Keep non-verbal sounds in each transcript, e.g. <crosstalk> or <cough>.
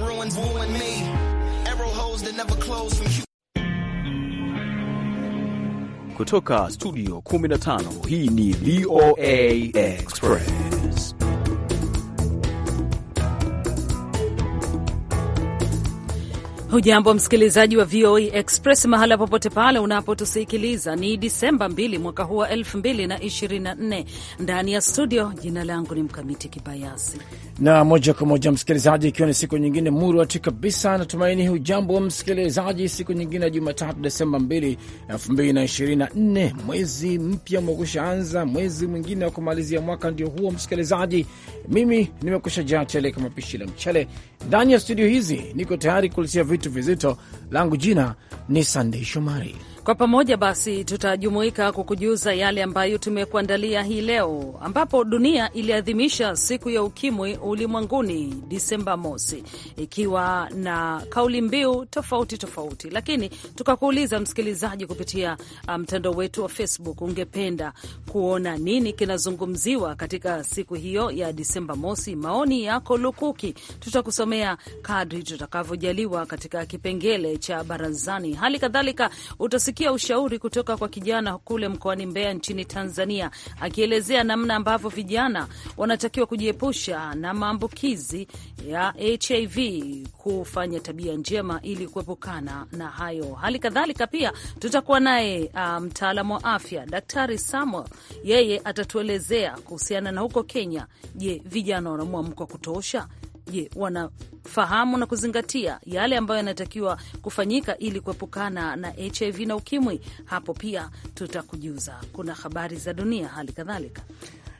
like ruins wooing me. Arrow holes that never close from you. Kutoka studio 15 hii ni VOA Express. Hujambo msikilizaji wa VOA Express mahala popote pale unapotusikiliza. Ni Disemba 2 mwaka huu wa 2024 ndani ya studio. Jina langu ni Mkamiti Kibayasi na moja kwa moja msikilizaji, ikiwa ni siku nyingine murwati kabisa. Natumaini hujambo msikilizaji, siku nyingine ya Jumatatu Desemba 2, 2024, mwezi mpya umekusha anza, mwezi mwingine wa kumalizia mwaka ndio huo msikilizaji. Mimi nimekusha jaa tele kama pishi la mchele ndani ya studio hizi, niko tayari kulisia vitu vitu vizito. Langu jina ni Sandei Shomari. Kwa pamoja basi tutajumuika kukujuza yale ambayo tumekuandalia hii leo, ambapo dunia iliadhimisha siku ya ukimwi ulimwenguni Disemba mosi, ikiwa na kauli mbiu tofauti tofauti, lakini tukakuuliza msikilizaji, kupitia uh, mtandao um, wetu wa Facebook, ungependa kuona nini kinazungumziwa katika siku hiyo ya Disemba mosi? Maoni yako lukuki, tutakusomea kadri tutakavyojaliwa katika kipengele cha barazani. Hali kadhalika utas Umesikia ushauri kutoka kwa kijana kule mkoani Mbeya nchini Tanzania, akielezea namna ambavyo vijana wanatakiwa kujiepusha na maambukizi ya HIV, kufanya tabia njema ili kuepukana na hayo. Hali kadhalika pia tutakuwa naye uh, mtaalamu um, wa afya Daktari Samuel, yeye atatuelezea kuhusiana na huko Kenya. Je, vijana wana mwamko kutosha? je, wanafahamu na kuzingatia yale ambayo yanatakiwa kufanyika ili kuepukana na HIV na UKIMWI? Hapo pia tutakujuza. Kuna habari za dunia hali kadhalika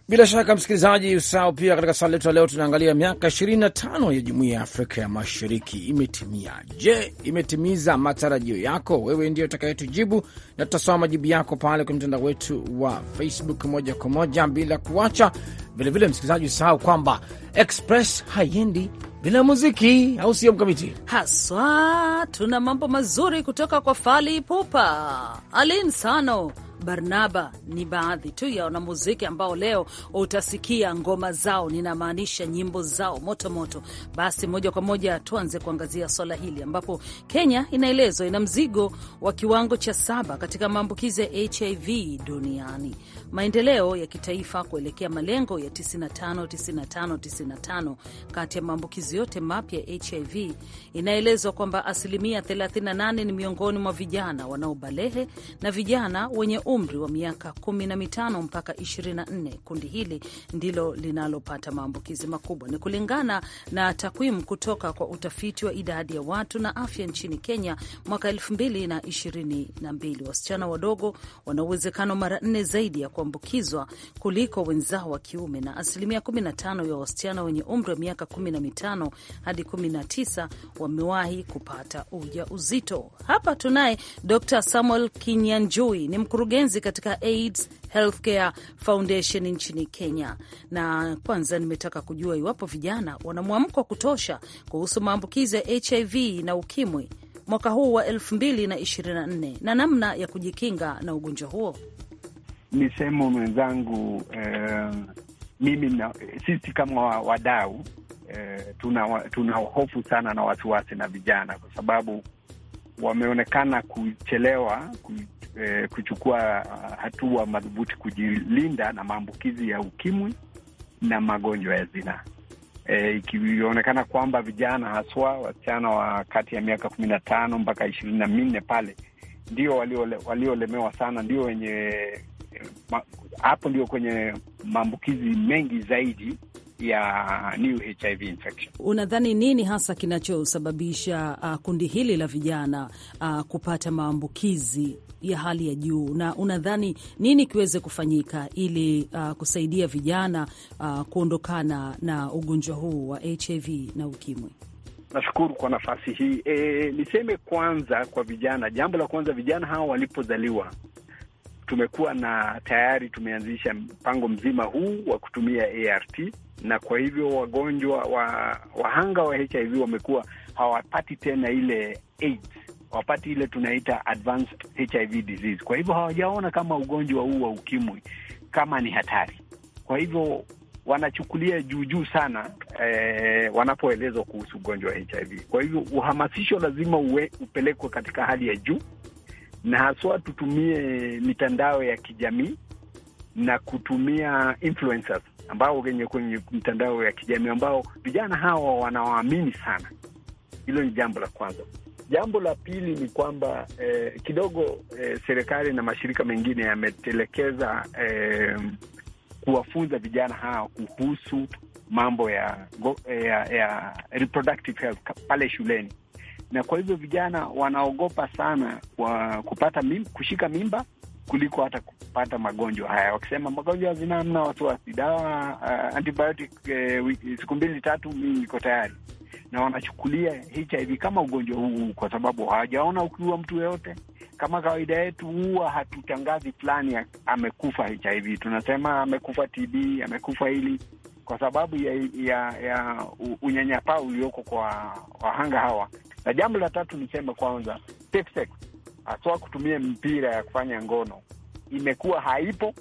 bila shaka msikilizaji, usahau pia, katika swali letu la leo tunaangalia miaka 25 ya jumuiya ya Afrika ya Mashariki imetimia. Je, imetimiza matarajio yako? Wewe ndio utakayetujibu, na tutasoma majibu yako pale kwenye mtandao wetu wa Facebook moja kwa moja, bila kuacha. Vilevile msikilizaji, usahau kwamba Express haiendi bila muziki, au sio Mkamiti? Haswa tuna mambo mazuri kutoka kwa Fali Pupa, Alin Sano Barnaba ni baadhi tu ya wanamuziki ambao leo utasikia ngoma zao, ninamaanisha nyimbo zao motomoto moto. Basi moja kwa moja tuanze kuangazia swala hili ambapo Kenya inaelezwa ina mzigo wa kiwango cha saba katika maambukizi ya HIV duniani maendeleo ya kitaifa kuelekea malengo ya 95 95 95 kati ya maambukizi yote mapya ya HIV. Inaelezwa kwamba asilimia 38 ni miongoni mwa vijana wanaobalehe na vijana wenye umri wa miaka 15 mpaka 24. Kundi hili ndilo linalopata maambukizi makubwa, ni kulingana na takwimu kutoka kwa utafiti wa idadi ya watu na afya nchini Kenya mwaka 2022. Wasichana wadogo wana uwezekano mara nne zaidi ya kwa kuambukizwa kuliko wenzao wa kiume na asilimia 15 ya wasichana wenye umri wa miaka 15 hadi 19 wamewahi kupata uja uzito Hapa tunaye Dr. Samuel Kinyanjui, ni mkurugenzi katika AIDS Healthcare Foundation nchini Kenya, na kwanza nimetaka kujua iwapo vijana wana mwamko wa kutosha kuhusu maambukizi ya HIV na ukimwi mwaka huu wa 2024 na namna ya kujikinga na ugonjwa huo nisemo mwenzangu, eh, mimi na, sisi kama wadau eh, tuna, tuna hofu sana na wasiwasi na vijana kwa sababu wameonekana kuchelewa eh, kuchukua hatua madhubuti kujilinda na maambukizi ya ukimwi na magonjwa ya zinaa. E, ikionekana kwamba vijana haswa wasichana wa kati ya miaka kumi na tano mpaka ishirini na minne pale ndio waliolemewa wali sana, ndio wenye hapo ndio kwenye maambukizi mengi zaidi ya new HIV infection. Unadhani nini hasa kinachosababisha uh, kundi hili la vijana uh, kupata maambukizi ya hali ya juu, na unadhani nini kiweze kufanyika ili uh, kusaidia vijana uh, kuondokana na ugonjwa huu wa HIV na ukimwi? Nashukuru kwa nafasi hii. E, niseme kwanza kwa vijana, jambo la kwanza, vijana hawa walipozaliwa tumekuwa na tayari tumeanzisha mpango mzima huu wa kutumia ART na kwa hivyo wagonjwa wa wahanga wa HIV wamekuwa hawapati tena ile AIDS, ile tunaita advanced HIV disease. Kwa hivyo hawajaona kama ugonjwa huu wa ukimwi kama ni hatari, kwa hivyo wanachukulia juujuu sana eh, wanapoelezwa kuhusu ugonjwa wa HIV. Kwa hivyo uhamasisho lazima uwe, upelekwe katika hali ya juu na haswa tutumie mitandao ya kijamii na kutumia influencers ambao wenye kwenye mitandao ya kijamii ambao vijana hawa wanawaamini sana. Hilo ni jambo la kwanza. Jambo la pili ni kwamba eh, kidogo eh, serikali na mashirika mengine yametelekeza eh, kuwafunza vijana hawa kuhusu mambo ya, ya, ya reproductive health pale shuleni na kwa hivyo vijana wanaogopa sana kwa kupata mim, kushika mimba kuliko hata kupata magonjwa haya, wakisema magonjwa hazina mna wasiwasi, dawa uh, antibiotic uh, siku mbili tatu, mimi iko tayari. Na wanachukulia HIV kama ugonjwa huu, kwa sababu hawajaona ukiua mtu yoyote Kama kawaida yetu, huwa hatutangazi fulani amekufa HIV, tunasema amekufa TB, amekufa hili, kwa sababu ya, ya, ya unyanyapaa ulioko kwa wahanga hawa. Na jambo la tatu niseme kwanza, safe sex haswa kutumia mpira ya kufanya ngono imekuwa haipo,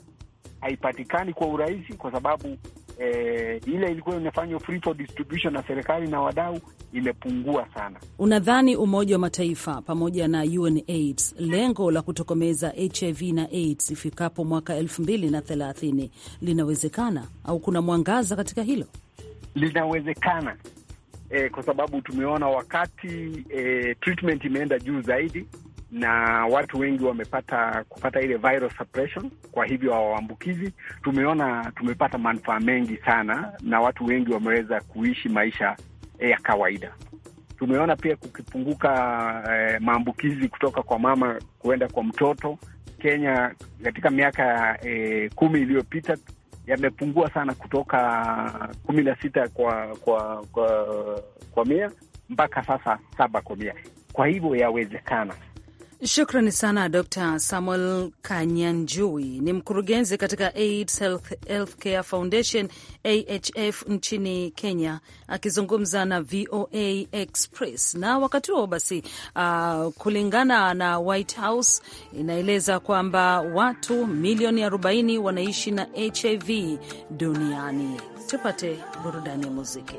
haipatikani kwa urahisi kwa sababu eh, ile ilikuwa inafanywa free for distribution na serikali na wadau imepungua sana. Unadhani Umoja wa Mataifa pamoja na UNAIDS lengo la kutokomeza HIV na AIDS ifikapo mwaka elfu mbili na thelathini linawezekana au kuna mwangaza katika hilo? Linawezekana e, kwa sababu tumeona wakati e, treatment imeenda juu zaidi na watu wengi wamepata kupata ile viral suppression, kwa hivyo hawaambukizi. Tumeona tumepata manufaa mengi sana, na watu wengi wameweza kuishi maisha eh, ya kawaida. Tumeona pia kukipunguka eh, maambukizi kutoka kwa mama kuenda kwa mtoto. Kenya katika miaka eh, kumi iliyopita yamepungua sana kutoka kumi na sita kwa kwa kwa, kwa mia mpaka sasa saba kwa mia. Kwa hivyo yawezekana Shukrani sana Dr Samuel Kanyanjui, ni mkurugenzi katika AIDS Health, Healthcare Foundation AHF nchini Kenya, akizungumza na VOA Express. Na wakati huo basi, uh, kulingana na White House inaeleza kwamba watu milioni 40 wanaishi na HIV duniani. Tupate burudani ya muziki.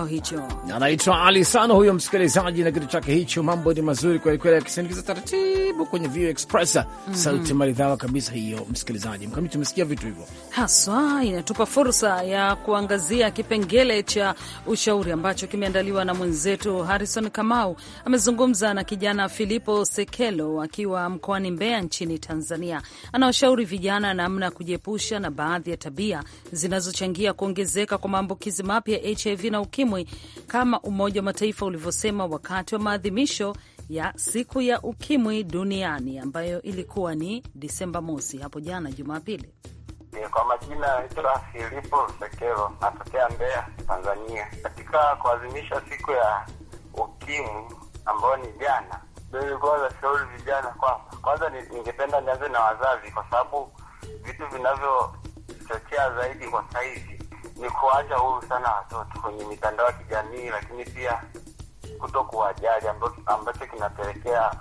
kibao hicho, anaitwa Ali Sano huyo msikilizaji na kitu chake hicho. Mambo ni mazuri kwelikweli, akisindikiza taratibu kwenye Vio Express mm -hmm. Sauti maridhawa kabisa hiyo, msikilizaji mkami, tumesikia vitu hivyo haswa. Inatupa fursa ya kuangazia kipengele cha ushauri ambacho kimeandaliwa na mwenzetu Harrison Kamau. Amezungumza na kijana Filipo Sekelo akiwa mkoani Mbeya nchini Tanzania. Anawashauri vijana namna ya kujiepusha na baadhi ya tabia zinazochangia kuongezeka kwa maambukizi mapya ya HIV na ukimwi ukimwi kama Umoja wa Mataifa ulivyosema wakati wa maadhimisho ya siku ya ukimwi duniani ambayo ilikuwa ni Disemba mosi hapo jana Jumapili. Kwa majina naitwa Filipo Msekelo, natokea Mbeya, Tanzania. Katika kuadhimisha siku ya ukimwi ambayo ni jana, kwanza shauri vijana kwamba kwanza, ningependa nianze na wazazi, kwa sababu vitu vinavyochochea zaidi kwa sahizi ni kuwaacha huru sana watoto kwenye mitandao ya kijamii, lakini pia kuto kuwajali, ambacho kinapelekea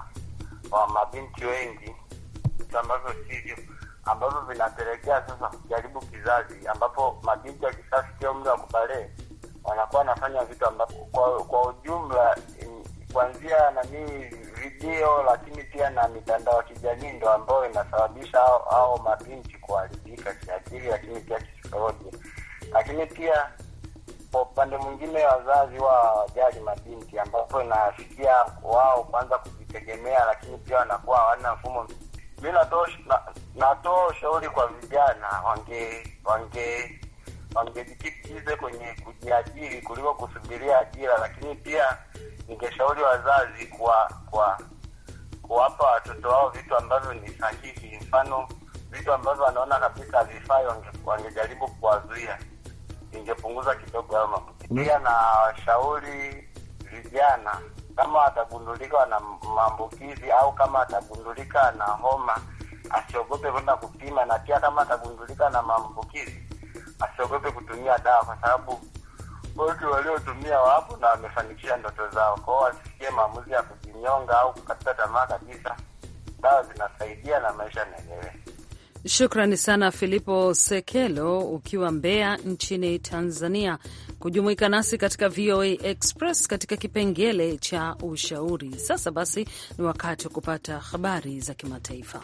wa mabinti wengi ambavyo sivyo, ambavyo vinapelekea sasa kujaribu kizazi, ambapo mabinti akishafikia umri wa kubalee wanakuwa wanafanya vitu ambavyo kwa, kwa ujumla mm, kuanzia nanii video lakini pia na mitandao ya kijamii ndo ambayo inasababisha ao mabinti kuharibika kiakili, lakini pia kisaikolojia lakini pia kwa upande mwingine wazazi wa wajali mabinti, ambapo inafikia wao kwanza kujitegemea, lakini pia wanakuwa hawana mfumo. Mi natoa ushauri kwa vijana, wange wange wangejikitize kwenye kujiajiri kuliko kusubiria ajira, lakini pia ningeshauri wazazi kwa kwa kuwapa watoto wao vitu ambavyo ni sahihi, mfano vitu ambavyo wanaona kabisa havifai, wangejaribu kuwazuia ingepunguza kidogo hayo maambukizi. Mm. Pia na washauri vijana, kama watagundulika na maambukizi au kama atagundulika na homa, asiogope kwenda kupima, na pia kama atagundulika na maambukizi, asiogope kutumia dawa, kwa sababu watu waliotumia wapo na wamefanikisha ndoto zao. Kwao wasifikie maamuzi ya kujinyonga au kukata tamaa kabisa. Dawa zinasaidia na maisha yanaendelea. Shukrani sana Filipo Sekelo ukiwa Mbeya nchini Tanzania, kujumuika nasi katika VOA Express katika kipengele cha ushauri. Sasa basi, ni wakati wa kupata habari za kimataifa.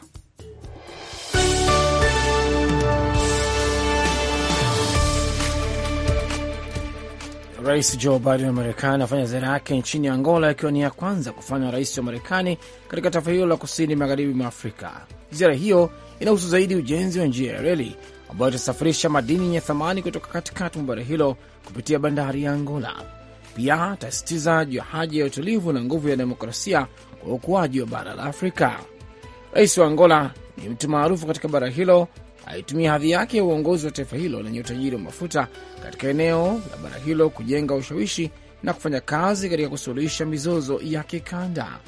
Rais Joe Biden wa Marekani anafanya ziara yake nchini Angola, ikiwa ni ya kwanza kufanya rais wa Marekani katika taifa hilo la kusini magharibi mwa Afrika. Ziara hiyo inahusu zaidi ujenzi wa njia ya reli ambayo itasafirisha madini yenye thamani kutoka katikati mwa bara hilo kupitia bandari ya Angola. Pia itasisitiza juu ya haja ya utulivu na nguvu ya demokrasia kwa ukuaji wa bara la Afrika. Rais wa Angola ni mtu maarufu katika bara hilo, alitumia hadhi yake ya uongozi wa taifa hilo lenye utajiri wa mafuta katika eneo la bara hilo kujenga ushawishi na kufanya kazi katika kusuluhisha mizozo ya kikanda.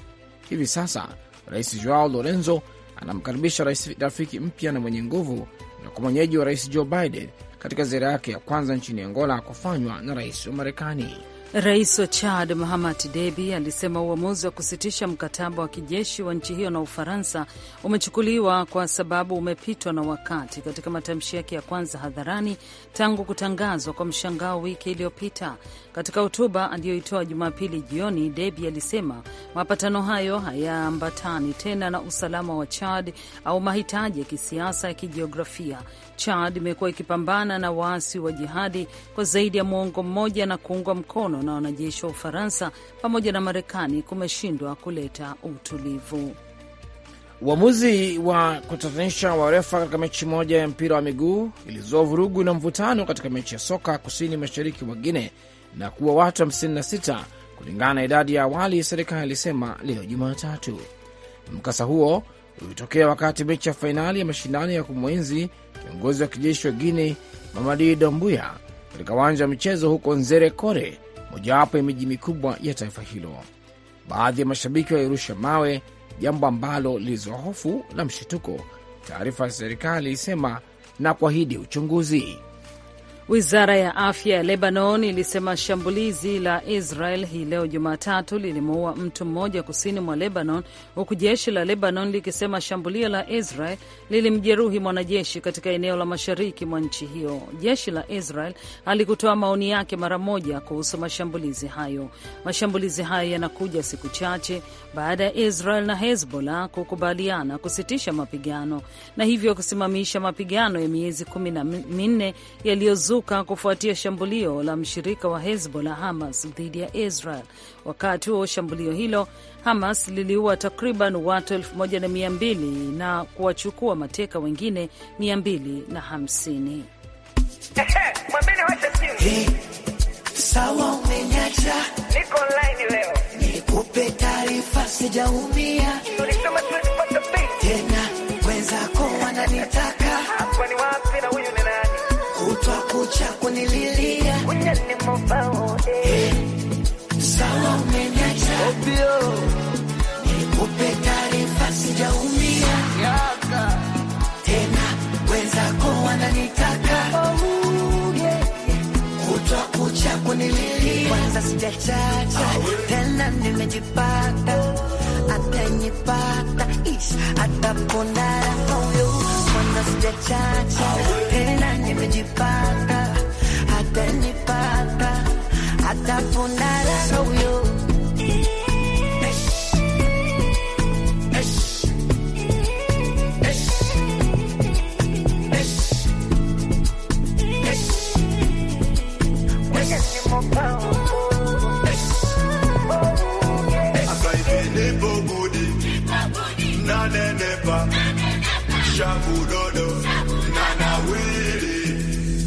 Hivi sasa Rais Joao Lorenzo anamkaribisha rais rafiki mpya na mwenye nguvu na kwa mwenyeji wa rais Joe Biden katika ziara yake ya kwanza nchini Angola kufanywa na rais wa Marekani. Rais wa Chad Mahamat debi alisema uamuzi wa kusitisha mkataba wa kijeshi wa nchi hiyo na Ufaransa umechukuliwa kwa sababu umepitwa na wakati, katika matamshi yake ya kwanza hadharani tangu kutangazwa kwa mshangao wiki iliyopita. Katika hotuba aliyoitoa Jumapili jioni, debi alisema mapatano hayo hayaambatani tena na usalama wa Chad au mahitaji ya kisiasa ya kijiografia. Chad imekuwa ikipambana na waasi wa jihadi kwa zaidi ya mwongo mmoja na kuungwa mkono mapigano na wanajeshi wa Ufaransa pamoja na Marekani kumeshindwa kuleta utulivu. Uamuzi wa kutatanisha refa katika mechi moja ya mpira wa miguu ilizua vurugu na mvutano katika mechi ya soka kusini mashariki mwa Guine na kuwa watu 56 kulingana na idadi ya awali, serikali ilisema leo Jumatatu. Mkasa huo ulitokea wakati mechi ya fainali ya mashindano ya kumwenzi kiongozi wa kijeshi wa guine Mamadi Dombuya katika uwanja wa michezo huko Nzere Kore mojawapo ya miji mikubwa ya taifa hilo. Baadhi ya mashabiki walirusha mawe, jambo ambalo lilizua hofu na mshituko, taarifa ya serikali ilisema na kuahidi uchunguzi. Wizara ya afya ya Lebanon ilisema shambulizi la Israel hii leo Jumatatu lilimuua mtu mmoja kusini mwa Lebanon, huku jeshi la Lebanon likisema shambulio la Israel lilimjeruhi mwanajeshi katika eneo la mashariki mwa nchi hiyo. Jeshi la Israel halikutoa maoni yake mara moja kuhusu mashambulizi hayo. Mashambulizi hayo yanakuja siku chache baada ya Israel na Hezbollah kukubaliana kusitisha mapigano na hivyo kusimamisha mapigano ya miezi kumi na minne yaliyozuka ulizuka kufuatia shambulio la mshirika wa Hezbollah Hamas dhidi ya Israel. Wakati wa shambulio hilo, Hamas liliua takriban watu 1200 na kuwachukua mateka wengine 250 kucha kunililia eh. sawa, umenyacha nikupe taarifa, sijaumia tena, wenzako wananitaka kutwa kucha kunililia, kwanza sijachacha tena, nimejipata oh. atanipata ataponara mwana sijachacha tena, nimejipata hata nipata hata funara huyo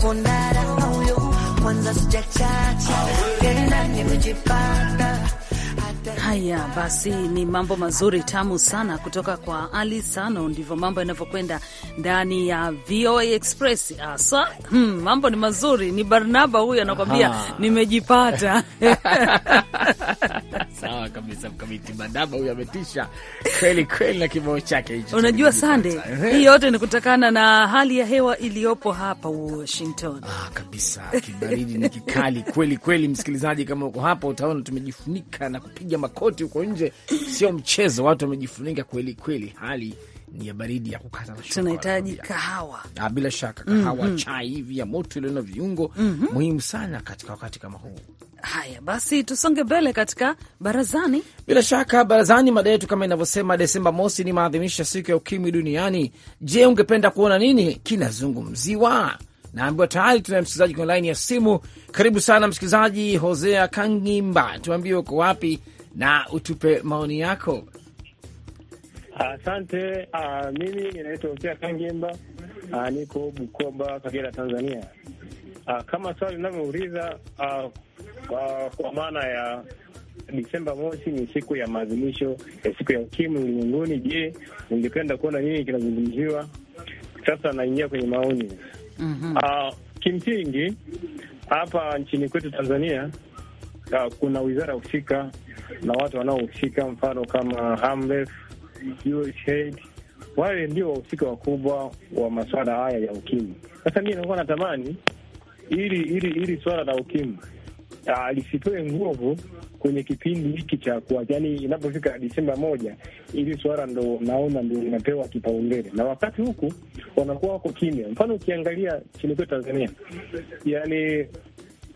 huyo kwanza sijachacha yaani tena Haya basi, ni mambo mazuri tamu sana kutoka kwa Ali Sano. Ndivyo mambo yanavyokwenda ndani ya VOA Express hasa. Hmm, mambo ni mazuri. Ni Barnaba huyo anakwambia nimejipata <laughs> Sawa kabisa, mkamiti Madaba huyu ametisha kweli kweli na kibao chake hicho. Unajua Sande, hii yote ni kutokana na hali ya hewa iliyopo hapa Washington. Ah, kabisa, kibaridi ni kikali kweli kweli. Msikilizaji, kama uko hapa utaona tumejifunika na kupiga makoti huko nje, sio mchezo, watu wamejifunika kweli kweli, hali ni ya baridi ya kukata na tunahitaji kahawa Ah, bila shaka mhm. kahawa mm -hmm. chai hivi ya moto iliyo na viungo mm -hmm. muhimu sana katika wakati kama huu. Haya basi, tusonge mbele katika barazani. Bila shaka barazani, mada yetu kama inavyosema, Desemba mosi ni maadhimisho ya siku ya ukimwi duniani. Je, ungependa kuona nini kinazungumziwa? Naambiwa tayari tuna msikilizaji kwenye laini ya simu. Karibu sana msikilizaji Hosea Kangimba, tuambie uko wapi na utupe maoni yako. Asante. Uh, mimi ninaitwa Usia Kangemba. Uh, niko Bukoba, Kagera, Tanzania. Uh, kama swali linavyouliza uh, uh, kwa maana ya Disemba mosi ni siku ya maadhimisho ya siku ya ukimwi ulimwenguni. Je, ningependa kuona nini kinazungumziwa? Sasa naingia kwenye maoni mm -hmm. uh, kimsingi hapa nchini kwetu Tanzania uh, kuna wizara husika na watu wanaohusika, mfano kama HAMREF wale ndio wahusika wakubwa wa masuala haya ya ukimwi. Sasa mimi nilikuwa natamani ili ili ili swala la ukimwi ah, lisipewe nguvu kwenye kipindi hiki cha kuwa, yani inapofika Disemba moja, ili swala ndo naona ndio inapewa kipaumbele, na wakati huku wanakuwa wako kimya. Mfano ukiangalia chini kwetu Tanzania, yani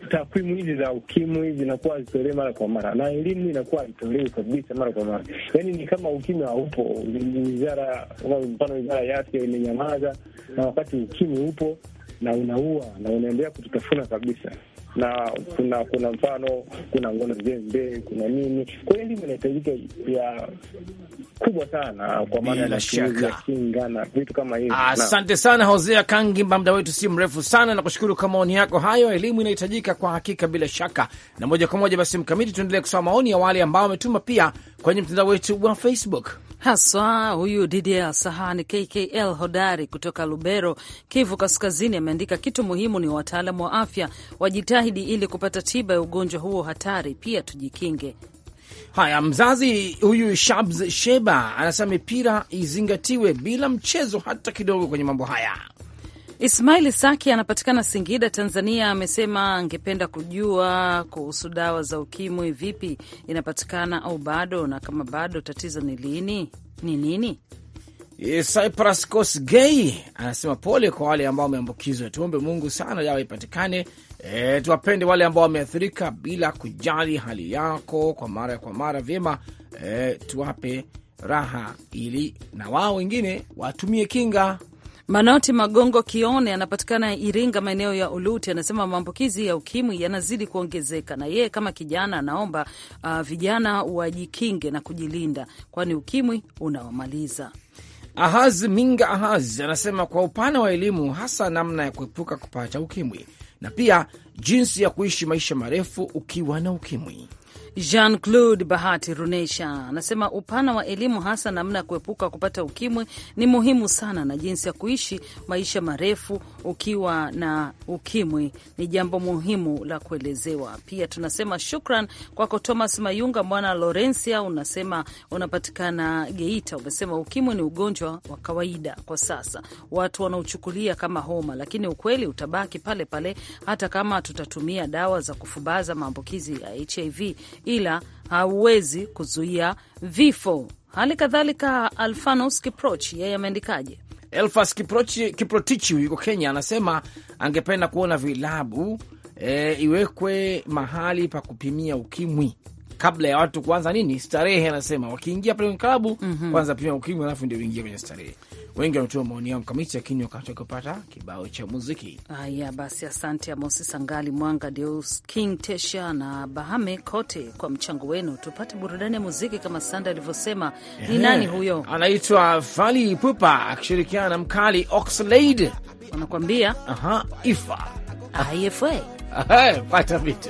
takwimu hizi za ukimwi zinakuwa hazitolewi mara kwa mara, na elimu inakuwa haitolewi kabisa mara kwa mara. Yani ni kama ukimwi haupo. Wizara mfano, wizara ya afya imenyamaza, na wakati ukimwi upo na unaua na unaendelea kututafuna kabisa na kuna kuna mfano, kuna ngono zembe, kuna nini. Kwa hiyo elimu inahitajika ya kubwa sana, kwa maana ya kinga na vitu kama hivyo. Asante sana Hosea Kangimba, muda wetu si mrefu sana, na kushukuru kwa maoni yako hayo. Elimu inahitajika kwa hakika, bila shaka. Na moja kwa moja basi, Mkamiti, tuendelee kusoma maoni ya wale ambao wametuma pia kwenye mtandao wetu wa Facebook haswa huyu ya Sahani KKL hodari kutoka Lubero, Kivu Kaskazini, ameandika kitu muhimu ni wataalamu wa afya wajitahidi ili kupata tiba ya ugonjwa huo hatari, pia tujikinge. Haya, mzazi huyu shabs Sheba anasema mipira izingatiwe bila mchezo hata kidogo kwenye mambo haya. Ismail Saki anapatikana Singida, Tanzania, amesema angependa kujua kuhusu dawa za ukimwi, vipi inapatikana au bado, na kama bado tatizo ni lini, ni nini? E, Cyprus Kosgei anasema pole kwa wale ambao wameambukizwa, tuombe Mungu sana dawa ipatikane. E, tuwapende wale ambao wameathirika bila kujali hali yako, kwa mara kwa mara vyema. E, tuwape raha ili na wao wengine watumie kinga. Manoti Magongo Kione anapatikana Iringa, maeneo ya Uluti, anasema maambukizi ya ukimwi yanazidi kuongezeka, na yeye kama kijana anaomba uh, vijana wajikinge na kujilinda, kwani ukimwi unawamaliza. Ahaz Minga Ahaz anasema kwa upana wa elimu, hasa namna ya kuepuka kupata ukimwi na pia jinsi ya kuishi maisha marefu ukiwa na ukimwi. Jean Claude Bahati Runesha anasema upana wa elimu, hasa namna ya kuepuka kupata ukimwi, ni muhimu sana, na jinsi ya kuishi maisha marefu ukiwa na ukimwi ni jambo muhimu la kuelezewa. Pia tunasema shukran kwako Thomas Mayunga, mwana Lorencia, unasema unapatikana Geita. Umesema ukimwi ni ugonjwa wa kawaida kwa sasa, watu wanaochukulia kama homa, lakini ukweli utabaki pale pale hata kama tutatumia dawa za kufubaza maambukizi ya HIV ila hauwezi kuzuia vifo. Hali kadhalika Alfanos Kiproch yeye ameandikaje? Elfas Kiprotichi yuko Kenya, anasema angependa kuona vilabu e, iwekwe mahali pa kupimia ukimwi kabla ya watu kuanza nini starehe. Anasema wakiingia pale kwenye klabu mm -hmm. Kwanza pima ukimwi, alafu ndio ingia kwenye starehe wengi wanatoa maoni yao mkamiti, lakini wakati wakipata kibao cha muziki. Haya basi, asante Amosi Sangali, Mwanga Deus, King Tesha na Bahame kote kwa mchango wenu. Tupate burudani ya muziki kama Sanda alivyosema. Ni nani huyo? Anaitwa Fali Pupa akishirikiana na mkali Oxlade, wanakuambia aha, ifa ifa pata vitu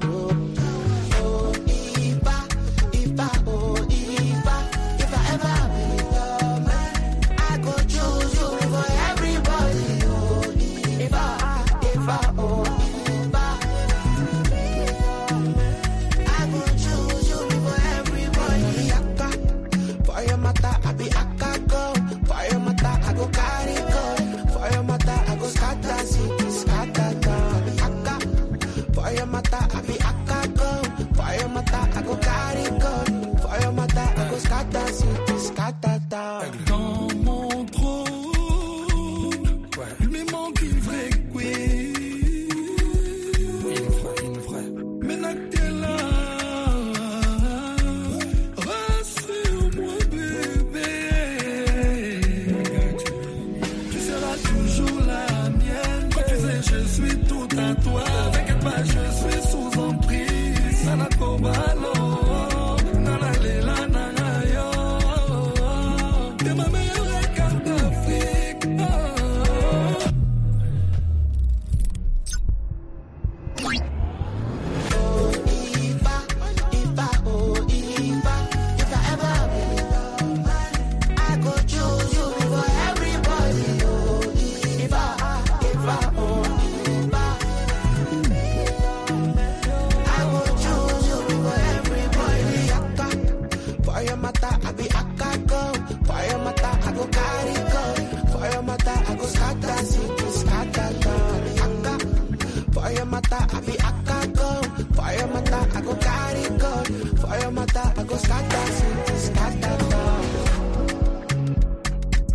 Fire mata, I be akako. Fire mata, I go kariko. Fire mata, I go scatter, city scatter down. Aka. Fire mata, I be akako. Fire mata, I go kariko. Fire mata, I go scatter, city scatter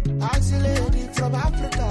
down. Ask lady from Africa.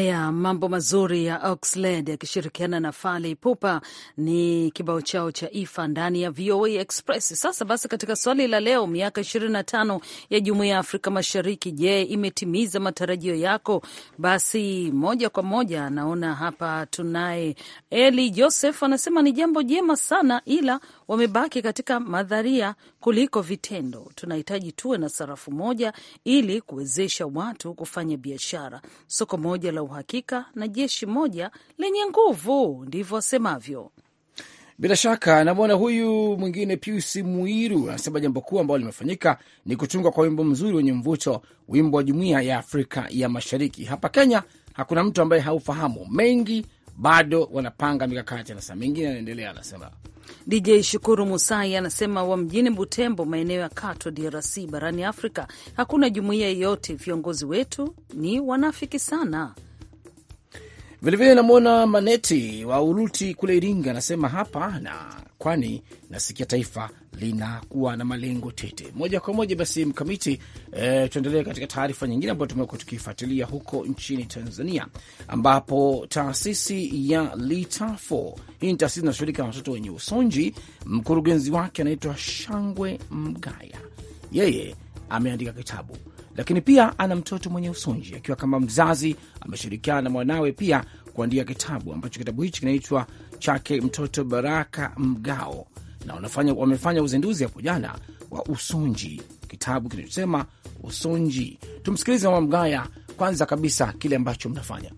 Haya, mambo mazuri ya oxled akishirikiana na fali pupa ni kibao chao cha Ifa ndani ya VOA Express. Sasa basi, katika swali la leo, miaka 25 ya Jumuiya ya Afrika Mashariki, je, imetimiza matarajio yako? Basi moja kwa moja naona hapa tunaye Eli Joseph anasema ni jambo jema sana, ila wamebaki katika madharia kuliko vitendo. Tunahitaji tuwe na sarafu moja ili kuwezesha watu kufanya biashara, soko moja la uhakika na jeshi moja lenye nguvu, ndivyo wasemavyo. Bila shaka namwona huyu mwingine Pius Muiru anasema jambo kuu ambalo limefanyika ni kutungwa kwa wimbo mzuri wenye mvuto, wimbo wa Jumuiya ya Afrika ya Mashariki. Hapa Kenya hakuna mtu ambaye haufahamu mengi bado wanapanga mikakati, na saa mengine anaendelea, anasema DJ Shukuru Musai anasema wa mjini Butembo, maeneo ya Katwa, DRC, barani Afrika hakuna jumuiya yeyote. Viongozi wetu ni wanafiki sana Vilevile namwona Maneti wa Uruti kule Iringa, anasema hapa na kwani nasikia taifa linakuwa na malengo tete. Moja kwa moja basi mkamiti, e, tuendelee katika taarifa nyingine ambayo tumekuwa tukifuatilia huko nchini Tanzania, ambapo taasisi ya Litafo, hii ni taasisi inashughulika na watoto wenye usonji. Mkurugenzi wake anaitwa Shangwe Mgaya, yeye ameandika kitabu lakini pia ana mtoto mwenye usunji, akiwa kama mzazi ameshirikiana na mwanawe pia kuandika kitabu ambacho kitabu hichi kinaitwa chake mtoto Baraka Mgao, na wanafanya, wamefanya uzinduzi hapo jana wa Usonji, kitabu kinachosema Usonji. Tumsikilize Mama Mgaya kwanza kabisa kile ambacho mnafanya.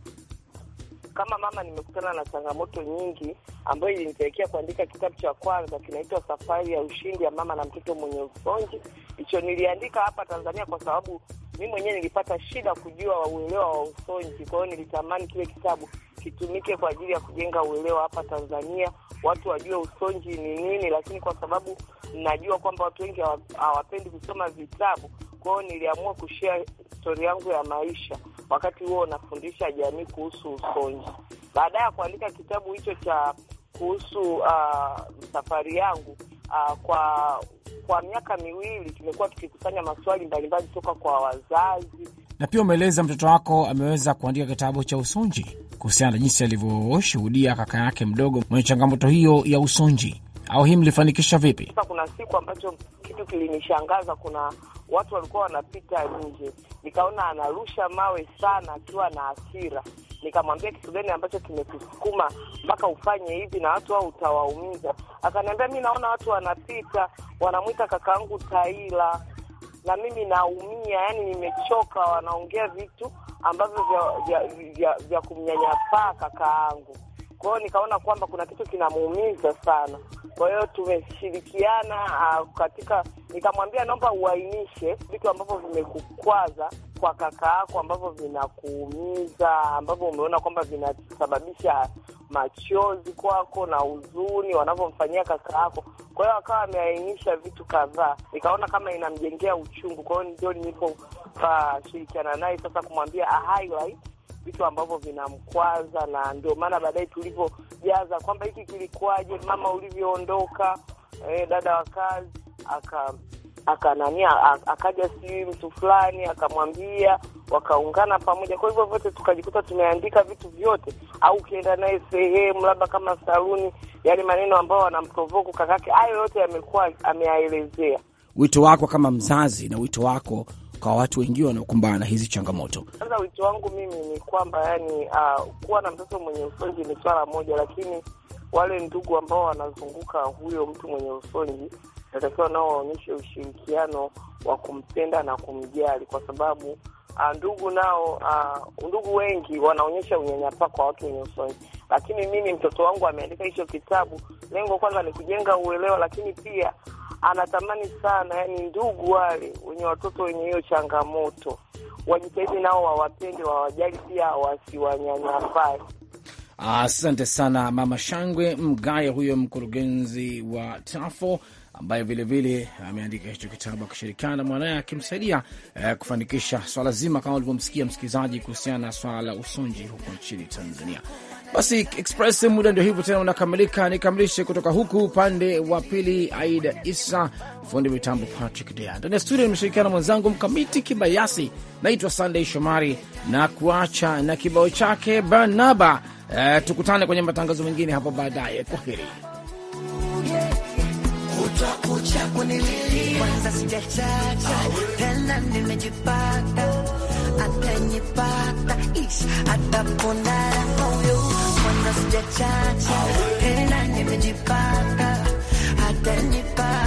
Kama mama, nimekutana na changamoto nyingi ambayo ilinipelekea kuandika kitabu cha kwanza, kinaitwa Safari ya Ushindi ya Mama na Mtoto Mwenye Usonji hicho niliandika hapa Tanzania kwa sababu mi mwenyewe nilipata shida kujua uelewa wa usonji. Kwa hiyo nilitamani kile kitabu kitumike kwa ajili ya kujenga uelewa hapa Tanzania, watu wajue usonji ni nini, lakini kwa sababu najua kwamba watu wengi hawapendi kusoma vitabu, kwa hiyo niliamua kushare stori yangu ya maisha, wakati huo unafundisha jamii kuhusu usonji. Baada ya kuandika kitabu hicho cha kuhusu uh, safari yangu uh, kwa kwa miaka miwili tumekuwa tukikusanya maswali mbalimbali kutoka kwa wazazi. Na pia umeeleza mtoto wako ameweza kuandika kitabu cha usonji kuhusiana na jinsi alivyoshuhudia kaka yake mdogo mwenye changamoto hiyo ya usonji au hii mlifanikisha vipi? Sasa kuna siku ambacho kitu kilinishangaza, kuna watu walikuwa wanapita nje, nikaona anarusha mawe sana akiwa na hasira nikamwambia kitu gani ambacho kimekusukuma mpaka ufanye hivi na watu au utawaumiza. Akaniambia mi naona watu wanapita wanamwita kakaangu Taila na mimi naumia, yani nimechoka, wanaongea vitu ambavyo vya, vya, vya, vya kumnyanyapaa kakaangu. Kwa hiyo nikaona kwamba kuna kitu kinamuumiza sana, kwa hiyo tumeshirikiana ah, katika, nikamwambia naomba uainishe vitu ambavyo vimekukwaza kwa kaka yako, ambavyo vinakuumiza, ambavyo umeona kwamba vinasababisha machozi kwako na huzuni wanavyomfanyia kaka yako. Kwa hiyo akawa ameainisha vitu kadhaa, nikaona kama inamjengea uchungu. Kwa hiyo ndio niliposhirikiana naye sasa kumwambia a vitu ambavyo vinamkwaza, na ndio maana baadaye tulivyojaza kwamba hiki kilikuwaje, mama ulivyoondoka, eh, dada wa kazi aka akanania akaja sijui mtu fulani akamwambia, wakaungana pamoja. Kwa hivyo vyote tukajikuta tumeandika vitu vyote, au ukienda naye sehemu labda kama saluni, yale maneno ambayo wanamprovoku kakake, hayo yote yamekuwa ameyaelezea. Wito wako kama mzazi na wito wako kwa watu wengi wanaokumbana na hizi changamoto. Sasa wito wangu mimi ni kwamba yani, uh, kuwa na mtoto mwenye usonji ni swala moja, lakini wale ndugu ambao wanazunguka huyo mtu mwenye usonji natakiwa nao waonyeshe ushirikiano wa kumpenda na kumjali, kwa sababu uh, ndugu nao uh, ndugu wengi wanaonyesha unyanyapaa kwa watu wenye usonji. Lakini mimi mtoto wangu ameandika hicho kitabu, lengo kwanza ni kujenga uelewa, lakini pia anatamani sana, yani ndugu wale wenye watoto wenye hiyo changamoto wajitahidi nao wawapende, wawajali pia, wasiwanyanyafae. Asante sana Mama Shangwe Mgaya, huyo mkurugenzi wa TAFO ambaye vilevile ameandika hicho kitabu akishirikiana na mwanaye akimsaidia eh, kufanikisha swala zima kama ulivyomsikia msikilizaji, kuhusiana na swala la usonji huko nchini Tanzania. Basi Express, muda ndio hivyo tena unakamilika. Nikamilishe kutoka huku upande wa pili, Aida Isa, fundi mitambo Patrick Dea, ndani ya studio nimeshirikiana mwenzangu Mkamiti Kibayasi. Naitwa Sunday Shomari na kuacha na kibao chake Barnaba. Eh, tukutane kwenye matangazo mengine hapo baadaye. Kwa heri. mwana sijachacha tena nimejipata hata nipata